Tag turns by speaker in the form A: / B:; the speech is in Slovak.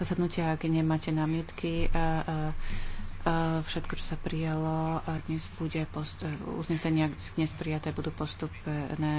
A: zasadnutia, ak nemáte námietky. E, e, e, všetko, čo sa prijalo, dnes bude post- uznesenia dnes prijaté budú postupné